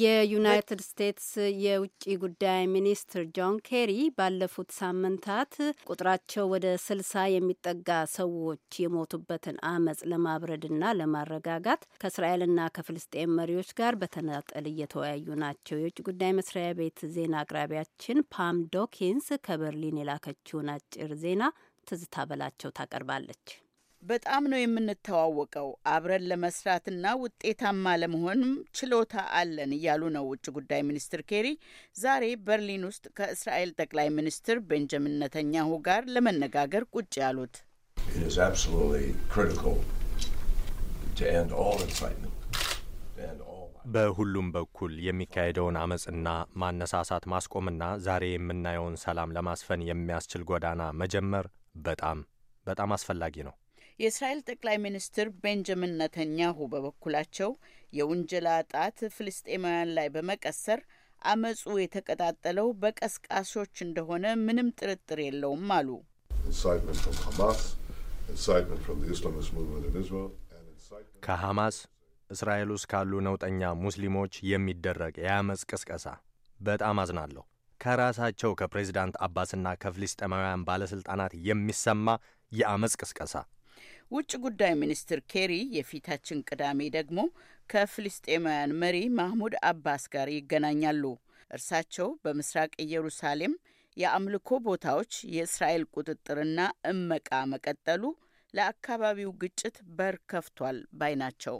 የዩናይትድ ስቴትስ የውጭ ጉዳይ ሚኒስትር ጆን ኬሪ ባለፉት ሳምንታት ቁጥራቸው ወደ ስልሳ የሚጠጋ ሰዎች የሞቱበትን አመፅ ለማብረድና ለማረጋጋት ከእስራኤልና ከፍልስጤን መሪዎች ጋር በተናጠል እየተወያዩ ናቸው። የውጭ ጉዳይ መስሪያ ቤት ዜና አቅራቢያችን ፓም ዶኪንስ ከበርሊን የላከችውን አጭር ዜና ትዝታ በላቸው ታቀርባለች። በጣም ነው የምንተዋወቀው። አብረን ለመስራትና ውጤታማ ለመሆንም ችሎታ አለን እያሉ ነው ውጭ ጉዳይ ሚኒስትር ኬሪ ዛሬ በርሊን ውስጥ ከእስራኤል ጠቅላይ ሚኒስትር ቤንጃሚን ነተኛሁ ጋር ለመነጋገር ቁጭ ያሉት። በሁሉም በኩል የሚካሄደውን አመፅና ማነሳሳት ማስቆምና ዛሬ የምናየውን ሰላም ለማስፈን የሚያስችል ጎዳና መጀመር በጣም በጣም አስፈላጊ ነው። የእስራኤል ጠቅላይ ሚኒስትር ቤንጃሚን ነተንያሁ በበኩላቸው የውንጀላ ጣት ፍልስጤማውያን ላይ በመቀሰር አመጹ የተቀጣጠለው በቀስቃሾች እንደሆነ ምንም ጥርጥር የለውም አሉ። ከሐማስ፣ እስራኤል ውስጥ ካሉ ነውጠኛ ሙስሊሞች የሚደረግ የአመፅ ቅስቀሳ በጣም አዝናለሁ። ከራሳቸው ከፕሬዚዳንት አባስና ከፍልስጤማውያን ባለሥልጣናት የሚሰማ የአመፅ ቅስቀሳ ውጭ ጉዳይ ሚኒስትር ኬሪ የፊታችን ቅዳሜ ደግሞ ከፍልስጤማውያን መሪ ማህሙድ አባስ ጋር ይገናኛሉ። እርሳቸው በምስራቅ ኢየሩሳሌም የአምልኮ ቦታዎች የእስራኤል ቁጥጥርና እመቃ መቀጠሉ ለአካባቢው ግጭት በር ከፍቷል ባይ ናቸው።